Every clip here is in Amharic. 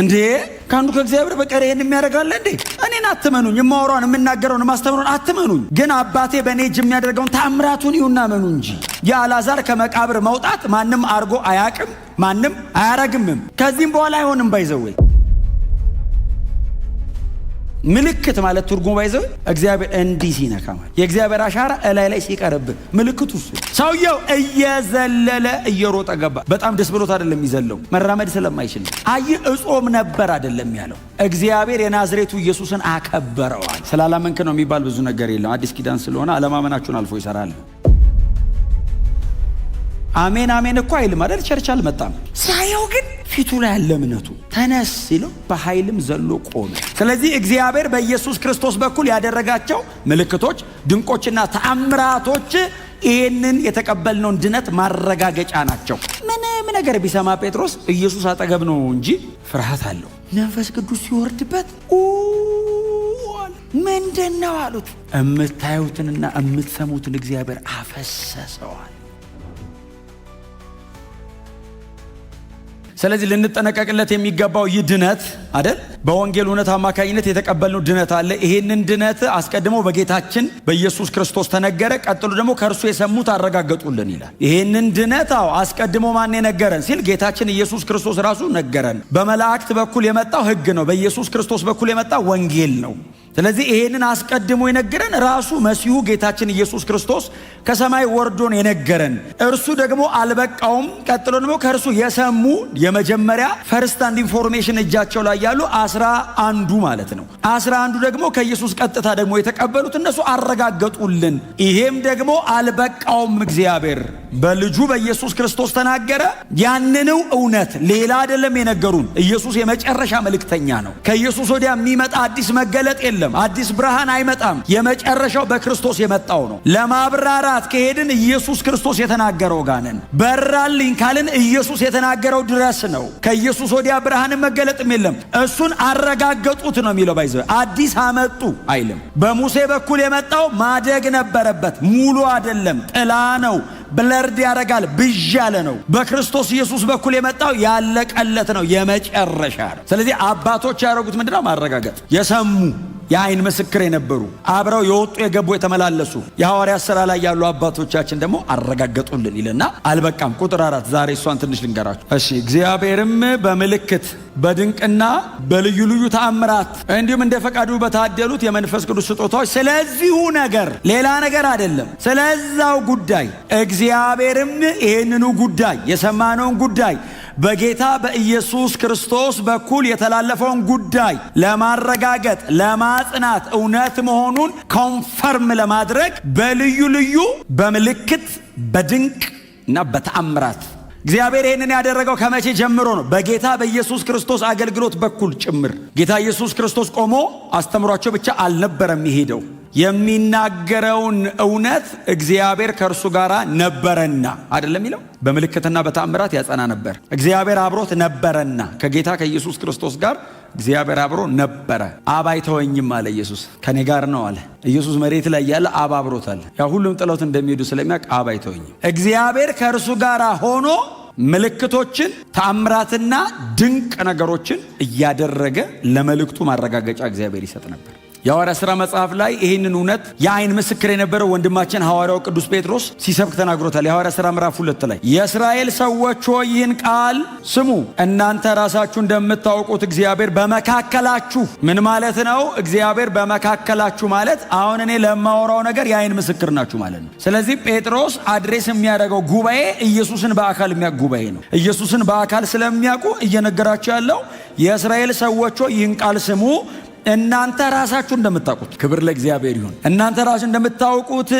እንዴ ከአንዱ ከእግዚአብሔር በቀር ይህን የሚያደርጋለ እንዴ? እኔን አትመኑኝ፣ የማወራውን የምናገረውን የማስተምረውን አትመኑኝ። ግን አባቴ በእኔ እጅ የሚያደርገውን ታምራቱን ይሁና መኑ እንጂ የአልዓዛር ከመቃብር መውጣት ማንም አርጎ አያቅም፣ ማንም አያረግምም። ከዚህም በኋላ አይሆንም ባይዘወይ ምልክት ማለት ትርጉሙ ባይዘው እግዚአብሔር እንዲህ ሲነካ ማለት የእግዚአብሔር አሻራ እላይ ላይ ሲቀርብ ምልክቱ እሱ። ሰውየው እየዘለለ እየሮጠ ገባ። በጣም ደስ ብሎት አይደለም የሚዘለው መራመድ ስለማይችል። አይ እጾም ነበር አይደለም ያለው። እግዚአብሔር የናዝሬቱ ኢየሱስን አከበረዋል። ስላላመንክ ነው የሚባል ብዙ ነገር የለም። አዲስ ኪዳን ስለሆነ አለማመናችሁን አልፎ ይሰራል። አሜን አሜን እኮ አይልም አይደል? ቸርች አልመጣም ሳየው ግን ፊቱ ላይ ያለ እምነቱ ተነስ ሲለው በኃይልም ዘሎ ቆመ። ስለዚህ እግዚአብሔር በኢየሱስ ክርስቶስ በኩል ያደረጋቸው ምልክቶች፣ ድንቆችና ተአምራቶች ይህንን የተቀበልነውን ድነት ማረጋገጫ ናቸው። ምንም ነገር ቢሰማ ጴጥሮስ ኢየሱስ አጠገብ ነው እንጂ ፍርሃት አለው። መንፈስ ቅዱስ ሲወርድበት ምንድን ነው አሉት። እምታዩትንና እምትሰሙትን እግዚአብሔር አፈሰሰዋል። ስለዚህ ልንጠነቀቅለት የሚገባው ይህ ድነት አደል በወንጌል እውነት አማካኝነት የተቀበልነው ድነት አለ። ይሄንን ድነት አስቀድሞ በጌታችን በኢየሱስ ክርስቶስ ተነገረ። ቀጥሎ ደግሞ ከእርሱ የሰሙት አረጋገጡልን ይላል። ይሄንን ድነት አዎ አስቀድሞ ማን የነገረን ሲል ጌታችን ኢየሱስ ክርስቶስ ራሱ ነገረን። በመላእክት በኩል የመጣው ሕግ ነው። በኢየሱስ ክርስቶስ በኩል የመጣው ወንጌል ነው። ስለዚህ ይሄንን አስቀድሞ የነገረን ራሱ መሲሁ ጌታችን ኢየሱስ ክርስቶስ ከሰማይ ወርዶን የነገረን እርሱ ደግሞ አልበቃውም። ቀጥሎ ደግሞ ከእርሱ የሰሙ የመጀመሪያ ፈርስት አንድ ኢንፎርሜሽን እጃቸው ላይ ያሉ አስራ አንዱ ማለት ነው። አስራ አንዱ ደግሞ ከኢየሱስ ቀጥታ ደግሞ የተቀበሉት እነሱ አረጋገጡልን። ይሄም ደግሞ አልበቃውም፣ እግዚአብሔር በልጁ በኢየሱስ ክርስቶስ ተናገረ። ያንንው እውነት ሌላ አይደለም የነገሩን። ኢየሱስ የመጨረሻ መልእክተኛ ነው። ከኢየሱስ ወዲያ የሚመጣ አዲስ መገለጥ የለም። የለም። አዲስ ብርሃን አይመጣም። የመጨረሻው በክርስቶስ የመጣው ነው። ለማብራራት ከሄድን ኢየሱስ ክርስቶስ የተናገረው ጋንን በራልኝ ካልን ኢየሱስ የተናገረው ድረስ ነው። ከኢየሱስ ወዲያ ብርሃንን መገለጥም የለም። እሱን አረጋገጡት ነው የሚለው። ባይዘ አዲስ አመጡ አይልም። በሙሴ በኩል የመጣው ማደግ ነበረበት። ሙሉ አይደለም፣ ጥላ ነው ብለርድ ያደርጋል ብዥ ያለ ነው። በክርስቶስ ኢየሱስ በኩል የመጣው ያለቀለት ነው፣ የመጨረሻ ነው። ስለዚህ አባቶች ያደረጉት ምንድነው? ማረጋገጥ የሰሙ የአይን ምስክር የነበሩ አብረው የወጡ የገቡ የተመላለሱ የሐዋርያት ስራ ላይ ያሉ አባቶቻችን ደግሞ አረጋገጡልን ይልና አልበቃም። ቁጥር አራት ዛሬ እሷን ትንሽ ልንገራችሁ እሺ። እግዚአብሔርም በምልክት በድንቅና በልዩ ልዩ ተአምራት እንዲሁም እንደ ፈቃዱ በታደሉት የመንፈስ ቅዱስ ስጦታዎች ስለዚሁ ነገር ሌላ ነገር አይደለም፣ ስለዛው ጉዳይ እግዚአብሔርም ይህንኑ ጉዳይ የሰማነውን ጉዳይ በጌታ በኢየሱስ ክርስቶስ በኩል የተላለፈውን ጉዳይ ለማረጋገጥ ለማጽናት፣ እውነት መሆኑን ኮንፈርም ለማድረግ በልዩ ልዩ በምልክት በድንቅ እና በተአምራት እግዚአብሔር ይህንን ያደረገው ከመቼ ጀምሮ ነው? በጌታ በኢየሱስ ክርስቶስ አገልግሎት በኩል ጭምር ጌታ ኢየሱስ ክርስቶስ ቆሞ አስተምሯቸው ብቻ አልነበረም ይሄደው የሚናገረውን እውነት እግዚአብሔር ከእርሱ ጋር ነበረና አይደለም የሚለው በምልክትና በተአምራት ያጸና ነበር። እግዚአብሔር አብሮት ነበረና ከጌታ ከኢየሱስ ክርስቶስ ጋር እግዚአብሔር አብሮ ነበረ። አብ አይተወኝም አለ ኢየሱስ። ከኔ ጋር ነው አለ ኢየሱስ። መሬት ላይ ያለ አብ አብሮታል። ያ ሁሉም ጥለውት እንደሚሄዱ ስለሚያውቅ አብ አይተወኝም። እግዚአብሔር ከእርሱ ጋር ሆኖ ምልክቶችን ተአምራትና ድንቅ ነገሮችን እያደረገ ለመልእክቱ ማረጋገጫ እግዚአብሔር ይሰጥ ነበር። የሐዋርያ ሥራ መጽሐፍ ላይ ይህንን እውነት የአይን ምስክር የነበረው ወንድማችን ሐዋርያው ቅዱስ ጴጥሮስ ሲሰብክ ተናግሮታል። የሐዋርያ ሥራ ምዕራፍ ሁለት ላይ የእስራኤል ሰዎች ሆይ ይህን ቃል ስሙ፣ እናንተ ራሳችሁ እንደምታውቁት እግዚአብሔር በመካከላችሁ ምን ማለት ነው? እግዚአብሔር በመካከላችሁ ማለት አሁን እኔ ለማወራው ነገር የአይን ምስክር ናችሁ ማለት ነው። ስለዚህ ጴጥሮስ አድሬስ የሚያደርገው ጉባኤ ኢየሱስን በአካል የሚያውቅ ጉባኤ ነው። ኢየሱስን በአካል ስለሚያውቁ እየነገራቸው ያለው የእስራኤል ሰዎች ሆይ ይህን ቃል ስሙ እናንተ ራሳችሁ እንደምታውቁት ክብር ለእግዚአብሔር ይሁን። እናንተ ራሳችሁ እንደምታውቁት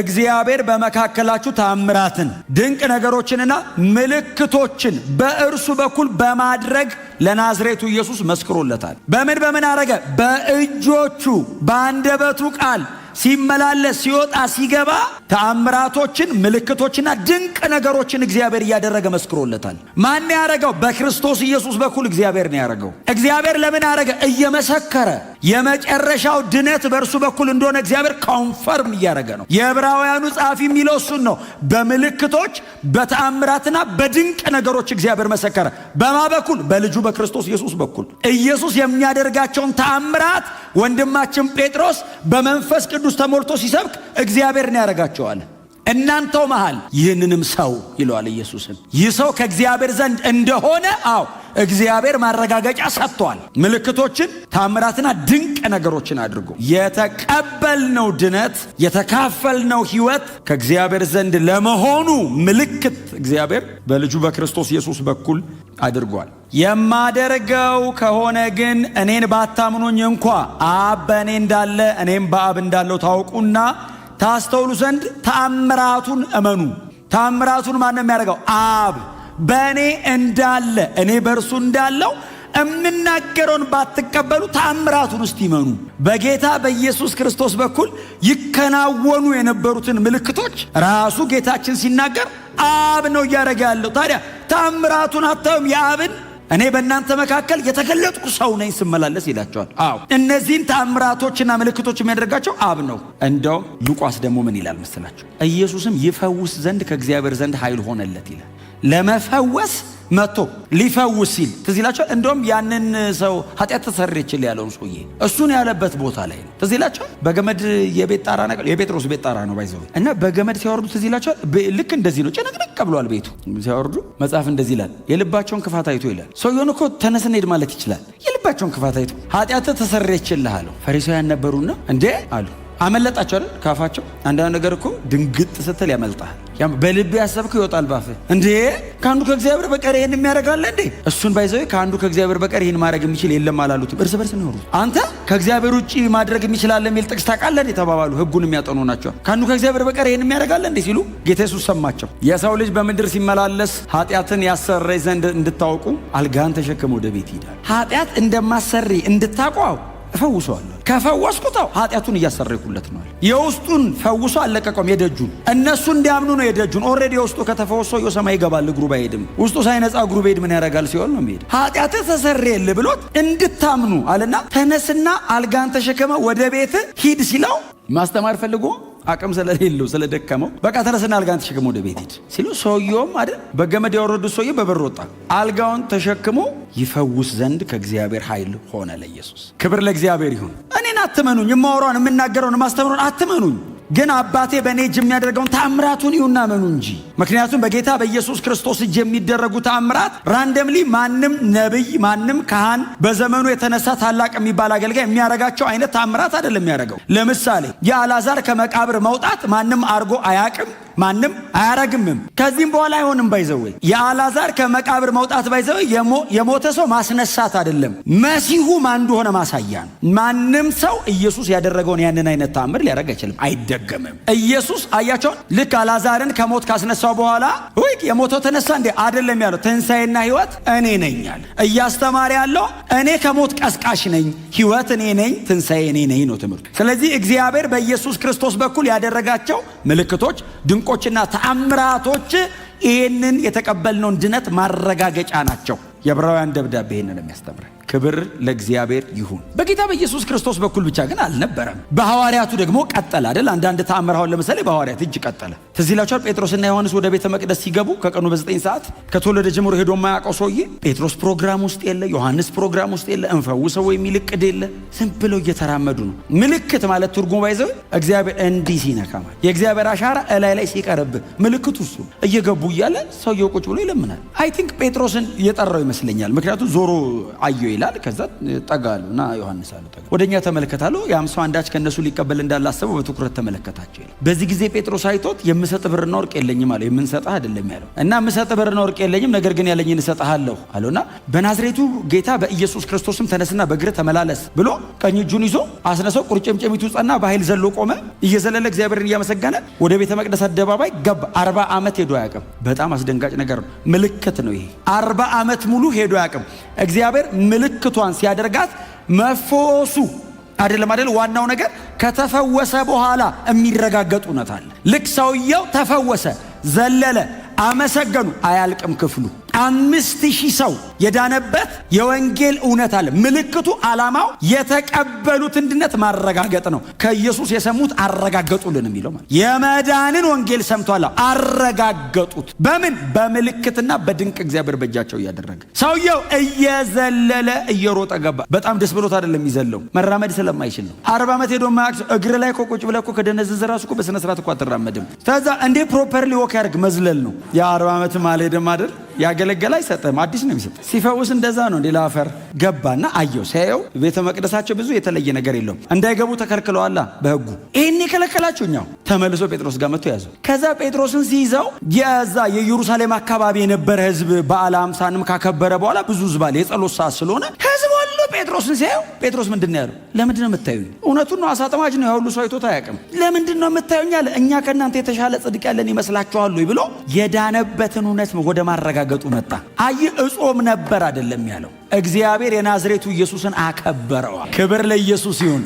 እግዚአብሔር በመካከላችሁ ታምራትን፣ ድንቅ ነገሮችንና ምልክቶችን በእርሱ በኩል በማድረግ ለናዝሬቱ ኢየሱስ መስክሮለታል። በምን በምን አረገ? በእጆቹ በአንደበቱ ቃል ሲመላለስ ሲወጣ ሲገባ ተአምራቶችን ምልክቶችና ድንቅ ነገሮችን እግዚአብሔር እያደረገ መስክሮለታል። ማን ያደረገው? በክርስቶስ ኢየሱስ በኩል እግዚአብሔር ነው ያደረገው። እግዚአብሔር ለምን አደረገ? እየመሰከረ የመጨረሻው ድነት በእርሱ በኩል እንደሆነ እግዚአብሔር ኮንፈርም እያደረገ ነው። የዕብራውያኑ ጸሐፊ የሚለው እሱን ነው። በምልክቶች በተአምራትና በድንቅ ነገሮች እግዚአብሔር መሰከረ። በማ በኩል? በልጁ በክርስቶስ ኢየሱስ በኩል። ኢየሱስ የሚያደርጋቸውን ተአምራት ወንድማችን ጴጥሮስ በመንፈስ ቅዱስ ተሞልቶ ሲሰብክ እግዚአብሔር ነው ያደርጋቸዋል። እናንተው መሃል ይህንንም ሰው ይለዋል ኢየሱስን። ይህ ሰው ከእግዚአብሔር ዘንድ እንደሆነ አዎ እግዚአብሔር ማረጋገጫ ሰጥቷል። ምልክቶችን፣ ታምራትና ድንቅ ነገሮችን አድርጎ የተቀበልነው ድነት የተካፈልነው ሕይወት ከእግዚአብሔር ዘንድ ለመሆኑ ምልክት እግዚአብሔር በልጁ በክርስቶስ ኢየሱስ በኩል አድርጓል። የማደርገው ከሆነ ግን እኔን ባታምኑኝ እንኳ አብ በእኔ እንዳለ እኔም በአብ እንዳለው ታውቁና ታስተውሉ ዘንድ ታምራቱን እመኑ። ታምራቱን ማን ነው የሚያደርገው? አብ በእኔ እንዳለ እኔ በእርሱ እንዳለው እምናገረውን ባትቀበሉ ታምራቱን ውስጥ ይመኑ። በጌታ በኢየሱስ ክርስቶስ በኩል ይከናወኑ የነበሩትን ምልክቶች ራሱ ጌታችን ሲናገር አብ ነው እያደረገ ያለው። ታዲያ ታምራቱን አታዩም? የአብን እኔ በእናንተ መካከል የተገለጥኩ ሰው ነኝ ስመላለስ ይላቸዋል። አዎ እነዚህን ታምራቶችና ምልክቶች የሚያደርጋቸው አብ ነው። እንደውም ሉቃስ ደግሞ ምን ይላል መሰላቸው? ኢየሱስም ይፈውስ ዘንድ ከእግዚአብሔር ዘንድ ኃይል ሆነለት ይላል። ለመፈወስ መጥቶ ሊፈውስ ሲል ትዝ ይላቸዋል። እንደውም ያንን ሰው ኃጢአት ተሰርችል ያለውን ሰውዬ እሱን ያለበት ቦታ ላይ ነው። ትዝ ይላቸዋል። በገመድ የቤት ጣራ ነገር የጴጥሮስ ቤት ጣራ ነው ባይዘው እና በገመድ ሲያወርዱ ትዝ ይላቸዋል። ልክ እንደዚህ ነው። ጭንቅንቅ ብሏል ቤቱ። ሲያወርዱ መጽሐፍ እንደዚህ ይላል። የልባቸውን ክፋት አይቶ ይላል። ሰውየውን እኮ ተነስን ሄድ ማለት ይችላል። የልባቸውን ክፋት አይቶ ኃጢአት ተሰረችልህ አለው። ፈሪሳውያን ነበሩና እንዴ አሉ አመለጣቸው አይደል? ካፋቸው አንዳንድ ነገር እኮ ድንግጥ ስትል ያመልጣል። በልብ ያሰብከው ይወጣል ባፍህ። እንዴ ከአንዱ ከእግዚአብሔር በቀር ይህን የሚያደርጋለ እንዴ? እሱን ባይዘው ከአንዱ ከእግዚአብሔር በቀር ይህን ማድረግ የሚችል የለም አላሉትም። እርስ በርስ ነው አንተ ከእግዚአብሔር ውጭ ማድረግ የሚችላለ የሚል ጥቅስ ታውቃለህ እንዴ ተባባሉ። ህጉን የሚያጠኑ ናቸው። ከአንዱ ከእግዚአብሔር በቀር ይህን የሚያደርጋለ እንዴ ሲሉ ጌታ ኢየሱስ ሰማቸው። የሰው ልጅ በምድር ሲመላለስ ኃጢአትን ያሰረይ ዘንድ እንድታውቁ አልጋን ተሸክመ ወደ ቤት ይሄዳል። ኃጢአት እንደማሰሪ እንድታቋው እፈውሰዋለሁ። ከፈወስኩት ኃጢአቱን እያሰረኩለት ነው። የውስጡን ፈውሶ አልለቀቀውም። የደጁን እነሱ እንዲያምኑ ነው። የደጁን ኦልሬዲ የውስጡ ከተፈወሰው የሰማይ ይገባል። እግሩ ባይሄድም ውስጡ ሳይነጻ እግሩ ቤድ ምን ያደርጋል? ሲሆን ነው የሚሄድ ኃጢአት ተሰረየልህ ብሎት እንድታምኑ አለና ተነስና አልጋን ተሸክመ ወደ ቤት ሂድ ሲለው ማስተማር ፈልጎ አቅም ስለሌለው ስለደከመው በቃ ተነስና አልጋን ተሸክሞ ወደ ቤት ሂድ ሲሉ ሰውየውም አይደል በገመድ ያወረዱት ሰውየ በበር ወጣ። አልጋውን ተሸክሞ ይፈውስ ዘንድ ከእግዚአብሔር ኃይል ሆነ። ለኢየሱስ ክብር ለእግዚአብሔር ይሁን። እኔን አትመኑኝ፣ የማወራውን የምናገረውን የማስተምረውን አትመኑኝ። ግን አባቴ በእኔ እጅ የሚያደርገውን ታምራቱን ይሁና መኑ እንጂ። ምክንያቱም በጌታ በኢየሱስ ክርስቶስ እጅ የሚደረጉ ታምራት ራንደምሊ ማንም ነቢይ፣ ማንም ካህን በዘመኑ የተነሳ ታላቅ የሚባል አገልጋይ የሚያደርጋቸው አይነት ታምራት አይደለም የሚያደርገው። ለምሳሌ የአላዛር ከመቃብር መውጣት ማንም አርጎ አያቅም፣ ማንም አያረግምም። ከዚህም በኋላ አይሆንም። ባይዘዌ የአላዛር ከመቃብር መውጣት ባይዘዌ የሞተ ሰው ማስነሳት አይደለም፣ መሲሁ ማን እንደሆነ ማሳያ ነው። ማንም ሰው ኢየሱስ ያደረገውን ያንን አይነት ታምር ሊያደርግ አይችልም። አይደ አይደገምም። ኢየሱስ አያቸውን ልክ አላዛርን ከሞት ካስነሳው በኋላ ውይ የሞተው ተነሳ እንዴ አይደለም ያለው። ትንሣኤና ህይወት እኔ ነኝ አለ። እያስተማረ ያለው እኔ ከሞት ቀስቃሽ ነኝ፣ ህይወት እኔ ነኝ፣ ትንሣኤ እኔ ነኝ ነው ትምህርቱ። ስለዚህ እግዚአብሔር በኢየሱስ ክርስቶስ በኩል ያደረጋቸው ምልክቶች፣ ድንቆችና ተአምራቶች ይህንን የተቀበልነውን ድነት ማረጋገጫ ናቸው። የዕብራውያን ደብዳቤ ይህንን የሚያስተምረን ክብር ለእግዚአብሔር ይሁን። በጌታ በኢየሱስ ክርስቶስ በኩል ብቻ ግን አልነበረም። በሐዋርያቱ ደግሞ ቀጠለ አይደል? አንዳንድ ተአምር አሁን ለምሳሌ በሐዋርያት እጅ ቀጠለ። ትዝ ይላችኋል። ጴጥሮስና ዮሐንስ ወደ ቤተ መቅደስ ሲገቡ ከቀኑ በዘጠኝ ሰዓት ከተወለደ ጀምሮ ሄዶ የማያውቀው ሰውዬ ጴጥሮስ ፕሮግራም ውስጥ የለ፣ ዮሐንስ ፕሮግራም ውስጥ የለ፣ እንፈውሰው የሚል ዕቅድ የለ። ዝም ብለው እየተራመዱ ነው። ምልክት ማለት ትርጉሙ ባይዘው እግዚአብሔር እንዲህ ሲነካ ማለት የእግዚአብሔር አሻራ እላይ ላይ ሲቀርብ ምልክቱ እሱ እየገቡ እያለ ሰውየው ቁጭ ብሎ ይለምናል። አይ ቲንክ ጴጥሮስን የጠራው ይመስለኛል። ምክንያቱም ዞሮ አየው ይላል ይላል። ከዛ ጠጋሉ አለው እና ዮሐንስ አለው ጠጋ ወደ እኛ ተመለከታለሁ። ያም ሰው አንዳች ከእነሱ ሊቀበል እንዳላሰበው በትኩረት ተመለከታቸው ይላል። በዚህ ጊዜ ጴጥሮስ አይቶት የምሰጥ ብርና ወርቅ የለኝም አለው። የምንሰጥህ አይደለም ያለው እና የምሰጥ ብርና ወርቅ የለኝም፣ ነገር ግን ያለኝን እሰጥሃለሁ አለውና በናዝሬቱ ጌታ በኢየሱስ ክርስቶስም ተነስና በእግር ተመላለስ ብሎ ቀኝ እጁን ይዞ አስነሰው። ቁርጭምጭሚቱ ጸና፣ በኃይል ዘሎ ቆመ። እየዘለለ እግዚአብሔርን እያመሰገነ ወደ ቤተ መቅደስ አደባባይ ገባ። አርባ ዓመት ሄዶ አያውቅም። በጣም አስደንጋጭ ነገር ነው። ምልክት ነው ይሄ። አርባ ዓመት ሙሉ ሄዶ አያውቅም። እግዚአብሔር ምልክት ምልክቷን ሲያደርጋት መፎሱ አይደለም አይደል? ዋናው ነገር ከተፈወሰ በኋላ የሚረጋገጥ እውነት አለ። ልክ ሰውየው ተፈወሰ፣ ዘለለ፣ አመሰገኑ፣ አያልቅም ክፍሉ። አምስት ሺህ ሰው የዳነበት የወንጌል እውነት አለ። ምልክቱ ዓላማው የተቀበሉት እንድነት ማረጋገጥ ነው። ከኢየሱስ የሰሙት አረጋገጡልን የሚለው ማለት የመዳንን ወንጌል ሰምቷል፣ አረጋገጡት። በምን በምልክትና በድንቅ እግዚአብሔር በእጃቸው እያደረገ ሰውየው እየዘለለ እየሮጠ ገባ። በጣም ደስ ብሎት አይደለም የሚዘለው መራመድ ስለማይችል ነው። አርባ ዓመት ሄዶ ማያቅ እግር ላይ እኮ ብለ ከደነዘዘ ራሱ እኮ በስነስርዓት እኮ አትራመድም። ከዛ እንዴ ፕሮፐርሊ ወክ ያደርግ መዝለል ነው። የአርባ ዓመትም አልሄድም አይደል ያገለገለ አይሰጥም፣ አዲስ ነው የሚሰጥ። ሲፈውስ እንደዛ ነው። ሌላ አፈር ገባና አየው። ሲያየው ቤተ መቅደሳቸው ብዙ የተለየ ነገር የለውም። እንዳይገቡ ተከልክለዋላ በህጉ ይህን የከለከላቸው እኛው። ተመልሶ ጴጥሮስ ጋር መጥቶ ያዘው። ከዛ ጴጥሮስን ሲይዘው የዛ የኢየሩሳሌም አካባቢ የነበረ ህዝብ በዓለ ሃምሳንም ካከበረ በኋላ ብዙ ህዝብ አለ። የጸሎት ሰዓት ስለሆነ ጴጥሮስን ሲያየው ጴጥሮስ ምንድን ነው ያለው? ለምንድን ነው የምታዩኝ? እውነቱን ነው፣ አሳ ጠማጅ ነው ያሁሉ ሰው አይቶት አያውቅም። ለምንድን ነው የምታዩኝ አለ። እኛ ከእናንተ የተሻለ ጽድቅ ያለን ይመስላችኋል ብሎ የዳነበትን እውነት ወደ ማረጋገጡ መጣ። አይ እጾም ነበር አይደለም ያለው። እግዚአብሔር የናዝሬቱ ኢየሱስን አከበረዋል። ክብር ለኢየሱስ ይሁን።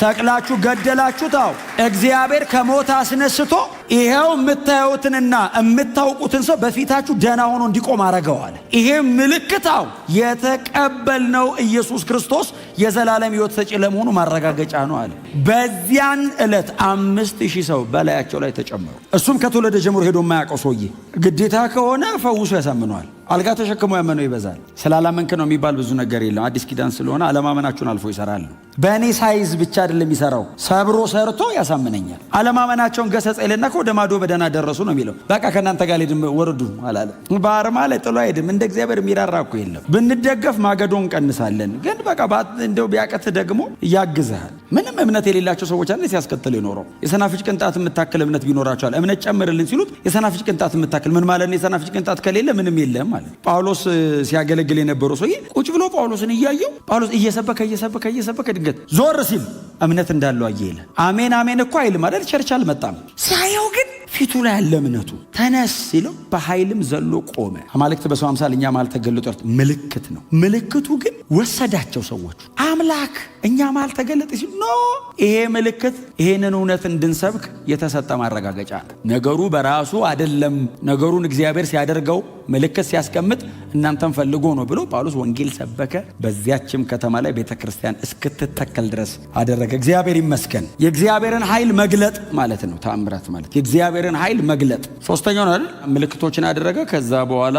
ሰቅላችሁ ገደላችሁ። ታው እግዚአብሔር ከሞት አስነስቶ ይሄው የምታዩትንና የምታውቁትን ሰው በፊታችሁ ደህና ሆኖ እንዲቆም አረገዋል። ይሄ ምልክታው የተቀበልነው ኢየሱስ ክርስቶስ የዘላለም ሕይወት ሰጪ ለመሆኑ ማረጋገጫ ነው አለ። በዚያን ዕለት አምስት ሺህ ሰው በላያቸው ላይ ተጨመሩ። እሱም ከተወለደ ጀምሮ ሄዶ የማያውቀው ሰውዬ ግዴታ ከሆነ ፈውሶ ያሳምነዋል። አልጋ ተሸክሞ ያመነው ይበዛል። ስላላመንክ ነው የሚባል ብዙ ነገር የለም። አዲስ ኪዳን ስለሆነ አለማመናችሁን አልፎ ይሰራል። በእኔ ሳይዝ ብቻ አይደለም የሚሰራው፣ ሰብሮ ሰርቶ ያሳምነኛል። አለማመናቸውን ገሰጸ ይልና ወደ ማዶ በደህና ደረሱ ነው የሚለው። በቃ ከእናንተ ጋር ልሄድም ወርዱ አላለ። በአርማ ላይ ጥሎ አይሄድም። እንደ እግዚአብሔር የሚራራ እኮ የለም። ብንደገፍ ማገዶ እንቀንሳለን፣ ግን በቃ እንደው ቢያቀት ደግሞ ያግዝሃል። ምንም እምነት የሌላቸው ሰዎች አለ ሲያስከተል የኖረው የሰናፍጭ ቅንጣት የምታክል እምነት ቢኖራቸዋል እምነት ጨምርልን ሲሉት የሰናፍጭ ቅንጣት የምታክል ምን ማለት ነው? የሰናፍጭ ቅንጣት ከሌለ ምንም የለም ማለት። ጳውሎስ ሲያገለግል የነበረው ሰውዬ ቁጭ ብሎ ጳውሎስን እያየው ጳውሎስ እየሰበከ እየሰበከ እየሰበከ ድንገት ዞር ሲል እምነት እንዳለው አየለ። አሜን አሜን እኮ አይልም አይደል? ቸርች አልመጣም። ሳየው ግን ፊቱ ላይ ያለ እምነቱ ተነስ ሲለው በኃይልም ዘሎ ቆመ። አማልክት በሰው አምሳል እኛ ማለት ተገለጡ ምልክት ነው። ምልክቱ ግን ወሰዳቸው ሰዎቹ። አምላክ እኛ ማል ተገለጠ ሲሉ ኖ ይሄ ምልክት ይሄንን እውነት እንድንሰብክ የተሰጠ ማረጋገጫ ነው። ነገሩ በራሱ አይደለም። ነገሩን እግዚአብሔር ሲያደርገው ምልክት ሲያስቀምጥ እናንተን ፈልጎ ነው ብሎ ጳውሎስ ወንጌል ሰበከ። በዚያችም ከተማ ላይ ቤተ ክርስቲያን እስክትተከል ድረስ አደረገ። እግዚአብሔር ይመስገን። የእግዚአብሔርን ኃይል መግለጥ ማለት ነው ተአምራት ማለት የእግዚአብሔርን ኃይል መግለጥ። ነው አይደል ምልክቶችን አደረገ፣ ከዛ በኋላ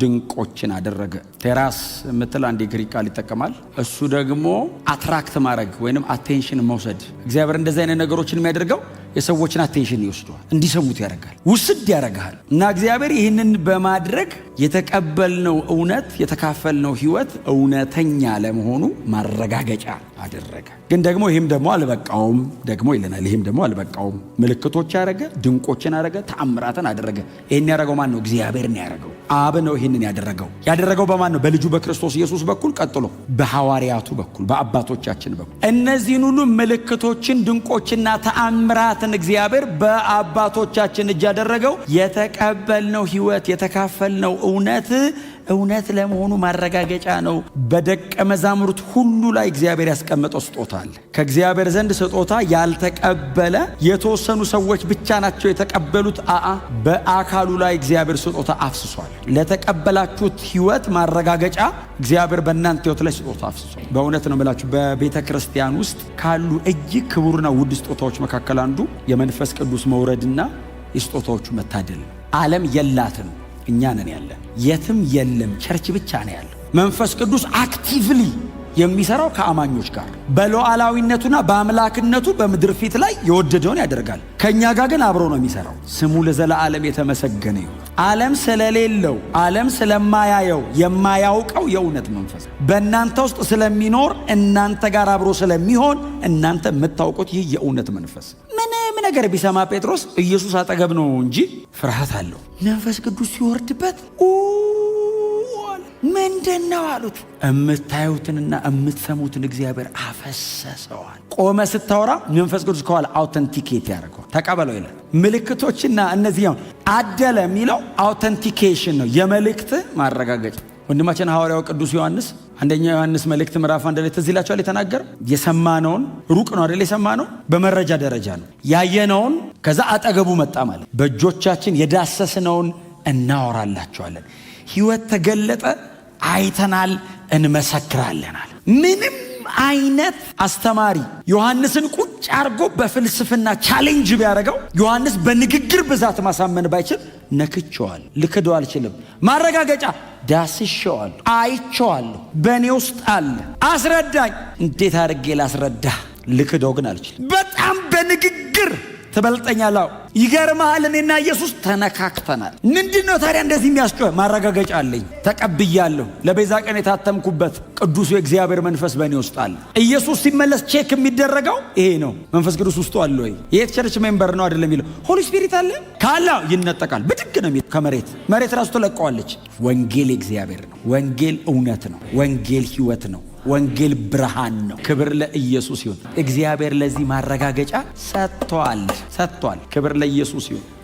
ድንቆችን አደረገ። ቴራስ የምትል አንድ የግሪክ ቃል ይጠቀማል። እሱ ደግሞ አትራክት ማድረግ ወይም አቴንሽን መውሰድ። እግዚአብሔር እንደዚህ አይነት ነገሮችን የሚያደርገው የሰዎችን አቴንሽን ይወስዷል፣ እንዲሰሙት ያደርጋል፣ ውስድ ያደርግሃል። እና እግዚአብሔር ይህንን በማድረግ የተቀበልነው እውነት የተካፈልነው ህይወት እውነተኛ ለመሆኑ ማረጋገጫ አደረገ። ግን ደግሞ ይህም ደግሞ አልበቃውም ደግሞ ይለናል። ይህም ደግሞ አልበቃውም፣ ምልክቶች ያደረገ፣ ድንቆችን ያደረገ፣ ተአምራትን አደረገ። ይህን ያደረገው ማን ነው? እግዚአብሔር ነው ያደረገው። አብ ነው ይህንን ያደረገው። ያደረገው በማን ነው? በልጁ በክርስቶስ ኢየሱስ በኩል ቀጥሎ በሐዋርያቱ በኩል በአባቶቻችን በኩል እነዚህን ሁሉ ምልክቶችን ድንቆችና ተአምራት መጽናናትን እግዚአብሔር በአባቶቻችን እጅ ያደረገው የተቀበልነው ሕይወት የተካፈልነው እውነት እውነት ለመሆኑ ማረጋገጫ ነው። በደቀ መዛሙርት ሁሉ ላይ እግዚአብሔር ያስቀመጠው ስጦታ አለ። ከእግዚአብሔር ዘንድ ስጦታ ያልተቀበለ የተወሰኑ ሰዎች ብቻ ናቸው የተቀበሉት። አአ በአካሉ ላይ እግዚአብሔር ስጦታ አፍስሷል። ለተቀበላችሁት ህይወት ማረጋገጫ እግዚአብሔር በእናንተ ህይወት ላይ ስጦታ አፍስሷል። በእውነት ነው የምላችሁ በቤተ ክርስቲያን ውስጥ ካሉ እጅግ ክቡርና ውድ ስጦታዎች መካከል አንዱ የመንፈስ ቅዱስ መውረድና የስጦታዎቹ መታደል ዓለም የላትም። እኛ ነን ያለን። የትም የለም፣ ቸርች ብቻ ነው ያለው። መንፈስ ቅዱስ አክቲቭሊ የሚሰራው ከአማኞች ጋር በሉዓላዊነቱና በአምላክነቱ በምድር ፊት ላይ የወደደውን ያደርጋል። ከእኛ ጋር ግን አብሮ ነው የሚሰራው። ስሙ ለዘለዓለም የተመሰገነ ይሁን። ዓለም ስለሌለው ዓለም ስለማያየው የማያውቀው የእውነት መንፈስ በእናንተ ውስጥ ስለሚኖር እናንተ ጋር አብሮ ስለሚሆን እናንተ የምታውቁት ይህ የእውነት መንፈስ ነገር ቢሰማ ጴጥሮስ ኢየሱስ አጠገብ ነው እንጂ ፍርሃት አለው። መንፈስ ቅዱስ ሲወርድበት ምንድን ነው አሉት። የምታዩትንና የምትሰሙትን እግዚአብሔር አፈሰሰዋል። ቆመ ስታወራ መንፈስ ቅዱስ ከኋላ አውተንቲኬት ያደርገዋል። ተቀበለው ይላል። ምልክቶችና እነዚህ አደለ የሚለው አውተንቲኬሽን ነው፣ የመልእክት ማረጋገጫ ወንድማችን ሐዋርያው ቅዱስ ዮሐንስ አንደኛ ዮሐንስ መልእክት ምዕራፍ አንድ ላይ ትዝ ይላቸዋል የተናገረ የሰማነውን ሩቅ ነው አይደል? የሰማነው በመረጃ ደረጃ ነው። ያየነውን ከዛ አጠገቡ መጣ ማለት በእጆቻችን የዳሰስነውን እናወራላቸዋለን። ህይወት ተገለጠ፣ አይተናል፣ እንመሰክራለናል። ምንም አይነት አስተማሪ ዮሐንስን ቁጭ አርጎ በፍልስፍና ቻሌንጅ ቢያደርገው ዮሐንስ በንግግር ብዛት ማሳመን ባይችል ነክቸዋል፣ ልክደው አልችልም ማረጋገጫ ዳስሼዋለሁ፣ አይቼዋለሁ፣ በእኔ ውስጥ አለ። አስረዳኝ። እንዴት አድርጌ ላስረዳ? ልክደው ግን አልችልም። ትበልጠኛላው። ይገርመሃል፣ እኔና ኢየሱስ ተነካክተናል። ምንድን ነው ታዲያ እንደዚህ የሚያስጮህ? ማረጋገጫ አለኝ። ተቀብያለሁ። ለቤዛ ቀን የታተምኩበት ቅዱሱ የእግዚአብሔር መንፈስ በእኔ ውስጥ አለ። ኢየሱስ ሲመለስ ቼክ የሚደረገው ይሄ ነው። መንፈስ ቅዱስ ውስጡ አለ ወይ? የት ቸርች ሜምበር ነው አይደለም የሚለው ሆሊ ስፒሪት አለ ካላ ይነጠቃል። ብድግ ነው ከመሬት መሬት ራሱ ትለቀዋለች። ወንጌል የእግዚአብሔር ነው። ወንጌል እውነት ነው። ወንጌል ህይወት ነው። ወንጌል ብርሃን ነው። ክብር ለኢየሱስ ይሁን። እግዚአብሔር ለዚህ ማረጋገጫ ሰጥቷል ሰጥቷል። ክብር ለኢየሱስ ይሁን።